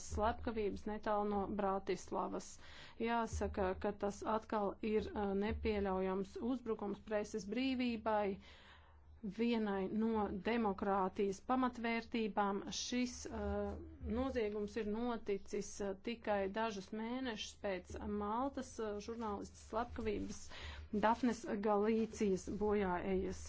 slepkavības netālu no Bratislavas. Jāsaka, ka tas atkal ir uh, nepieļaujams uzbrukums preses brīvībai, vienai no demokrātijas pamatvērtībām. Šis uh, noziegums ir noticis uh, tikai dažus mēnešus pēc Maltas uh, žurnālistas slepkavības Dafnes Galīcijas bojāējas.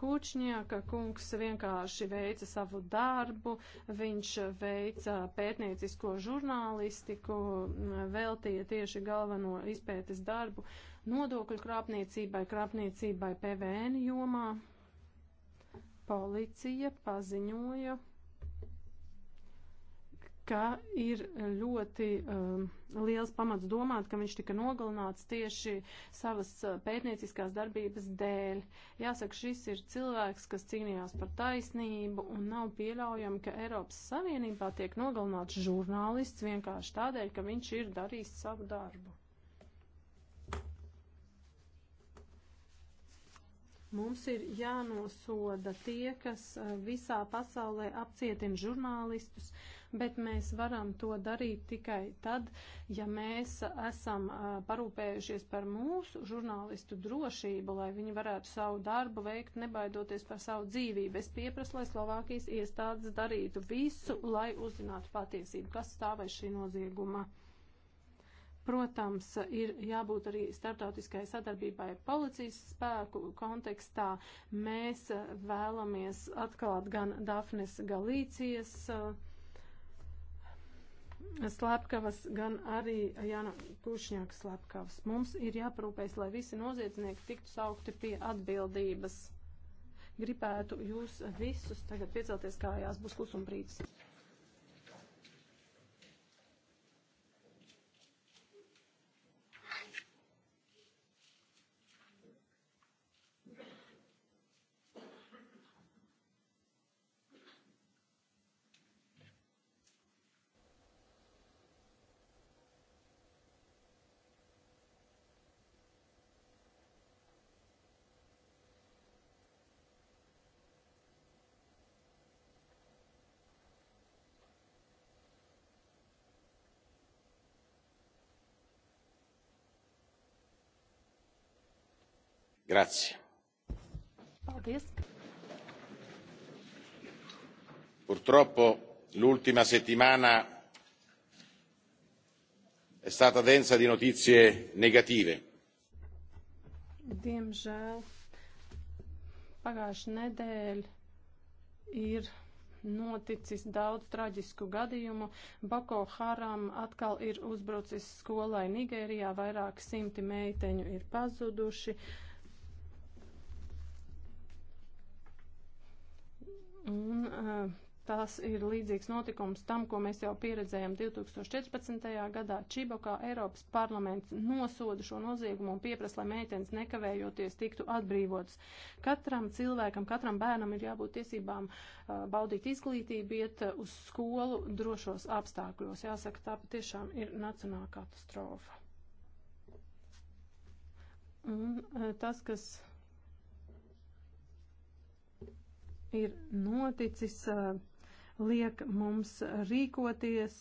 Kučņieka kungs vienkārši veica savu darbu, viņš veica pētniecisko žurnālistiku, veltīja tieši galveno izpētes darbu nodokļu krāpniecībai, krāpniecībai PVN jomā. Policija paziņoja ka ir ļoti um, liels pamats domāt, ka viņš tika nogalināts tieši savas uh, pētnieciskās darbības dēļ. Jāsaka, šis ir cilvēks, kas cīnījās par taisnību un nav pieļaujami, ka Eiropas Savienībā tiek nogalināts žurnālists vienkārši tādēļ, ka viņš ir darījis savu darbu. Mums ir jānosoda tie, kas uh, visā pasaulē apcietina žurnālistus, uh, bet mēs varam to darīt tikai tad, ja mēs esam parūpējušies par mūsu žurnālistu drošību, lai viņi varētu savu darbu veikt, nebaidoties par savu dzīvību. Es pieprasu, lai Slovākijas iestādes darītu visu, lai uzzinātu patiesību, kas stāvēs šī nozieguma. Protams, ir jābūt arī startautiskai sadarbībai policijas spēku kontekstā. Mēs vēlamies atklāt gan Dafnes Galīcijas uh, slepkavas, gan arī Jāna Kušņāka slepkavas. Mums ir jāprūpēs, lai visi noziedznieki tiktu saukti pie atbildības. Gribētu jūs visus tagad piecelties kājās, būs klusumbrīdis. Grazie. Paldies. Purtroppo l'ultima settimana è stata densa di notizie negative. Diemžēl pagājušā nedēļa ir noticis daudz traģisku gadījumu. Boko Haram atkal ir uzbrucis skolai Nigērijā, vairāk simti meiteņu ir pazuduši. Uh, Un uh, tas ir līdzīgs notikums tam, ko mēs jau pieredzējām 2014. gadā. Čibokā Eiropas parlaments nosoda šo noziegumu un pieprasa, lai meitenes nekavējoties tiktu atbrīvotas. Katram cilvēkam, katram bērnam ir jābūt tiesībām uh, baudīt izglītību, iet eh, uz skolu drošos apstākļos. Jāsaka, tā patiešām ir nacionāla katastrofa. Un uh, tas, kas ir noticis, liek mums rīkoties,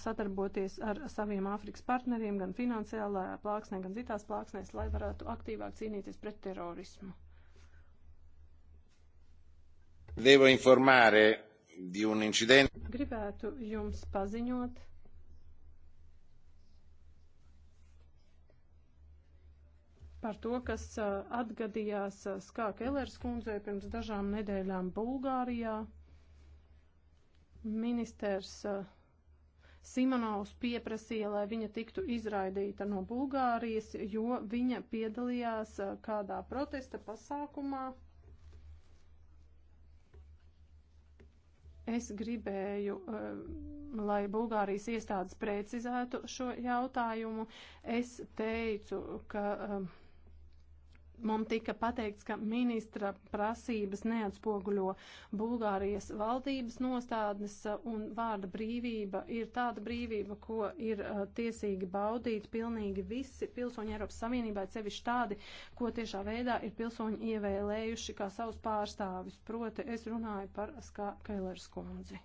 sadarboties ar saviem Āfrikas partneriem gan finansiālā plāksnē, gan citās plāksnēs, lai varētu aktīvāk cīnīties pret terorismu. Devo informare di un incidente. Gribētu jums paziņot par to, kas atgadījās Skā Kelers kundzei pirms dažām nedēļām Bulgārijā. Ministers Simonovs pieprasīja, lai viņa tiktu izraidīta no Bulgārijas, jo viņa piedalījās kādā protesta pasākumā. Es gribēju, lai Bulgārijas iestādes precizētu šo jautājumu. Es teicu, ka mums tika pateikts, ka ministra prasības neatspoguļo Bulgārijas valdības nostādnes uh, un vārda brīvība ir tāda brīvība, ko ir uh, tiesīgi baudīt pilnīgi visi pilsoņi Eiropas Savienībā, sevišķi tādi, ko tiešā veidā ir pilsoņi ievēlējuši kā savus pārstāvis. Proti, es runāju par Skā Kailers kundzi.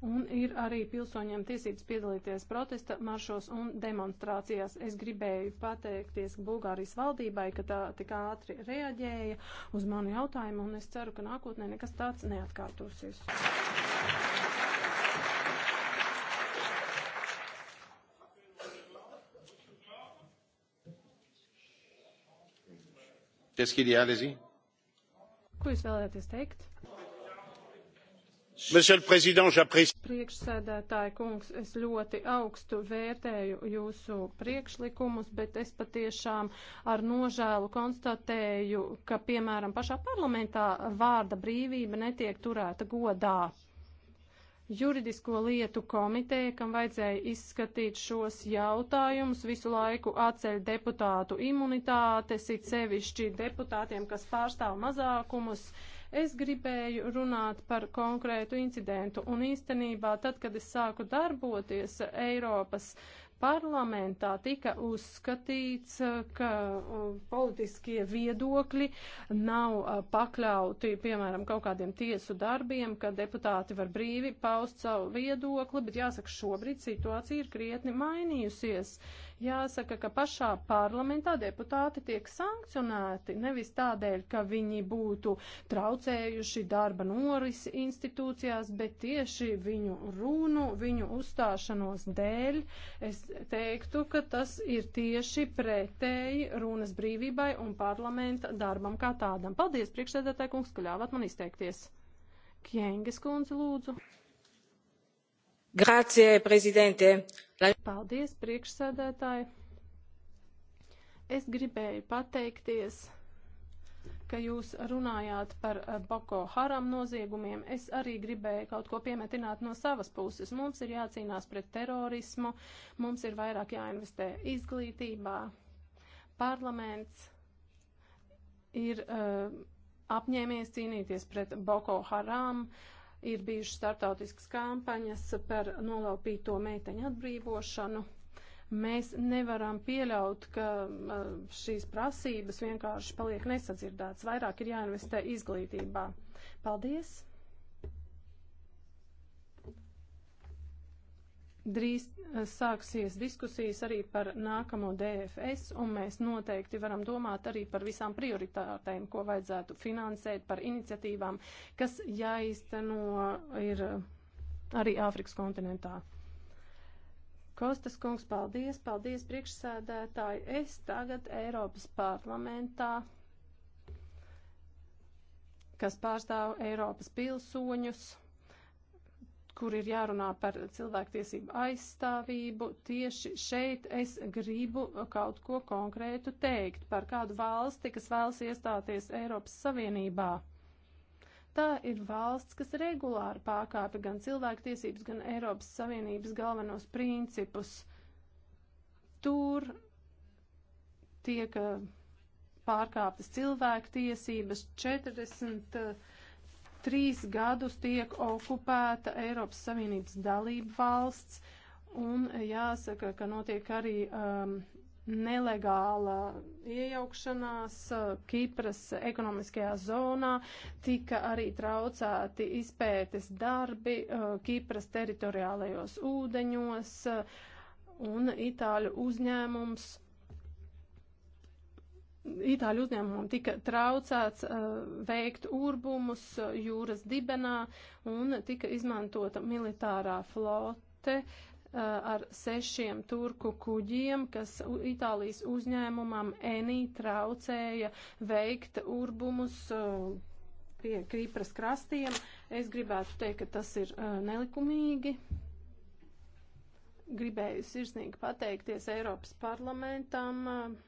Un ir arī pilsoņiem tiesības piedalīties protesta maršos un demonstrācijās. Es gribēju pateikties Bulgārijas valdībai, ka tā tik ātri reaģēja uz manu jautājumu, un es ceru, ka nākotnē nekas tāds neatkārtosies. Ko jūs vēlēties teikt? Monsieur le Président, j'apprécie. Priekšsēdētāji kungs, es ļoti augstu vērtēju jūsu priekšlikumus, bet es patiešām ar nožēlu konstatēju, ka, piemēram, pašā parlamentā vārda brīvība netiek turēta godā juridisko lietu komiteja, kam vajadzēja izskatīt šos jautājumus, visu laiku atceļ deputātu imunitātes, it sevišķi deputātiem, kas pārstāv mazākumus. Es gribēju runāt par konkrētu incidentu, un īstenībā tad, kad es sāku darboties Eiropas parlamentā tika uzskatīts, eh, ka politiskie viedokļi nav eh, pakļauti, piemēram, kaut kādiem tiesu darbiem, ka deputāti var brīvi paust savu viedokli, bet jāsaka, šobrīd situācija ir krietni mainījusies. Uh, Jāsaka, ka pašā parlamentā deputāti tiek sankcionēti nevis tādēļ, ka viņi būtu traucējuši darba norisi institūcijās, bet tieši viņu runu, viņu uzstāšanos dēļ. Es teiktu, ka tas ir tieši pretēji runas brīvībai un parlamenta darbam kā tādam. Paldies, priekšsēdētāji kungs, ka ļāvāt man izteikties. Kienges kundze, lūdzu. Grācie, prezidente! Lai... Paldies, priekšsēdētāji! Es gribēju pateikties, ka jūs runājāt par eh, Boko Haram noziegumiem. Es arī gribēju kaut ko piemetināt no savas puses. Mums ir jācīnās pret terorismu, mums ir vairāk jāinvestē izglītībā. Parlaments ir. Uh, apņēmies cīnīties pret Boko Haram, uh, Ir bijušas startautiskas kampaņas par nolaupīto meiteņu atbrīvošanu. Mēs nevaram pieļaut, ka šīs prasības vienkārši paliek nesadzirdētas. Vairāk ir jāinvestē izglītībā. Paldies! Drīz eh, sāksies diskusijas arī par nākamo DFS, un mēs noteikti varam domāt arī par visām prioritātēm, ko vajadzētu finansēt, par iniciatīvām, kas jāizteno ir eh, arī Āfrikas kontinentā. Kostas kungs, paldies, paldies priekšsēdētāji. Es tagad Eiropas parlamentā, kas pārstāv Eiropas pilsoņus kur ir jārunā par cilvēktiesību aizstāvību, tieši šeit es gribu kaut ko konkrētu teikt par kādu valsti, kas vēlas iestāties Eiropas Savienībā. Tā ir valsts, kas regulāri pārkāpja gan cilvēktiesības, gan Eiropas Savienības galvenos principus. Tur tiek uh, pārkāptas cilvēktiesības 40. Uh, Trīs gadus tiek okupēta Eiropas Savienības dalība valsts, un jāsaka, ka notiek arī um, nelegāla iejaukšanās uh, Kipras ekonomiskajā zonā, tika arī traucēti izpētes darbi uh, Kipras teritoriālajos ūdeņos uh, un itāļu uzņēmums Itāļu uzņēmumam tika traucēts uh, veikt urbumus uh, jūras dibenā un tika izmantota militārā flote uh, ar sešiem turku kuģiem, kas Itālijas uzņēmumam Enī traucēja veikt urbumus uh, pie Kīpras krastiem. Es gribētu teikt, ka tas ir uh, nelikumīgi gribēju sirsnīgi pateikties Eiropas parlamentam uh,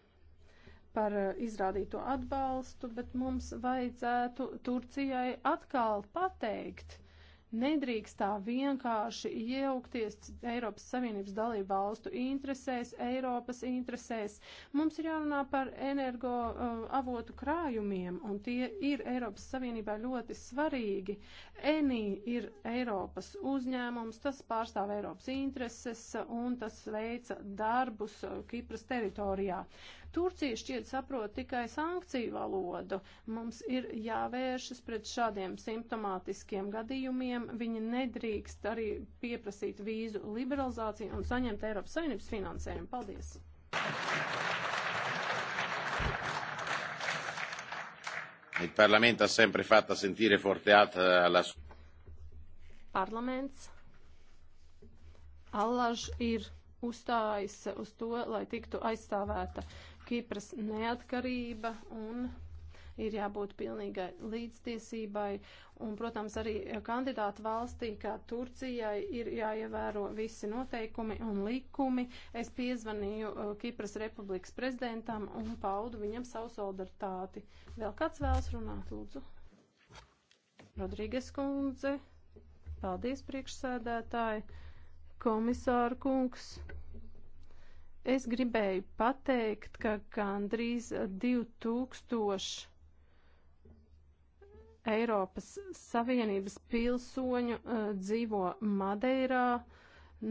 par eh, izrādīto atbalstu, bet mums vajadzētu Turcijai atkal pateikt, nedrīkst tā vienkārši iejaukties Eiropas Savienības dalību valstu interesēs, Eiropas interesēs. Mums ir jārunā par energo uh, avotu krājumiem, un tie ir Eiropas Savienībā ļoti svarīgi. ENI ir Eiropas uzņēmums, tas pārstāv Eiropas intereses, eh, un tas veica darbus Kipras teritorijā. Uh, Turcija šķiet saprot tikai sankciju valodu. Mums ir jāvēršas pret šādiem simptomātiskiem gadījumiem. Viņi nedrīkst arī pieprasīt vīzu liberalizāciju un saņemt Eiropas Savienības finansējumu. Paldies! Il Parlamento ha sempre fatto sentire forte alta la sua. Parlaments. Allaž ir uzstājas uz to, lai tiktu aizstāvēta Kipras neatkarība un ir jābūt pilnīgai līdztiesībai. Un, protams, arī kandidātu valstī, kā Turcijai, ir jāievēro visi noteikumi un likumi. Es piezvanīju uh, Kipras republikas prezidentam un paudu viņam savu solidaritāti. Vēl kāds vēlas runāt, lūdzu? Rodrīgas kundze. Paldies, priekšsēdētāji komisāra kungs. Es gribēju pateikt, ka gandrīz 2000 Eiropas Savienības pilsoņu uh, dzīvo Madeirā,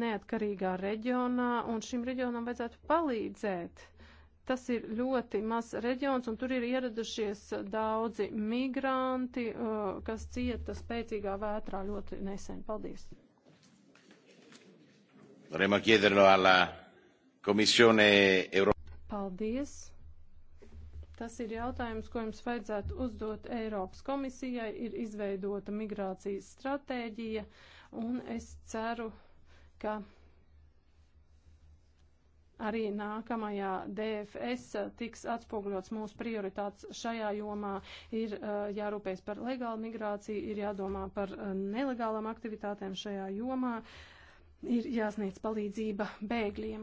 neatkarīgā reģionā, un šim reģionam vajadzētu palīdzēt. Tas ir ļoti mazs reģions, un tur ir ieradušies daudzi migranti, uh, kas cieta spēcīgā vētrā ļoti nesen. Paldies! Vorremmo chiederlo alla Kommissione Europea. Paldies. Tas ir jautājums, ko jums vajadzētu uzdot Eiropas komisijai. Ir izveidota migrācijas stratēģija, un es ceru, ka arī nākamajā DFS tiks atspoguļots mūsu prioritātes šajā jomā. Ir uh, jārūpējas par legālu migrāciju, ir jādomā par uh, nelegālām aktivitātēm šajā jomā. Uh, ir jāsniedz palīdzība bēgļiem.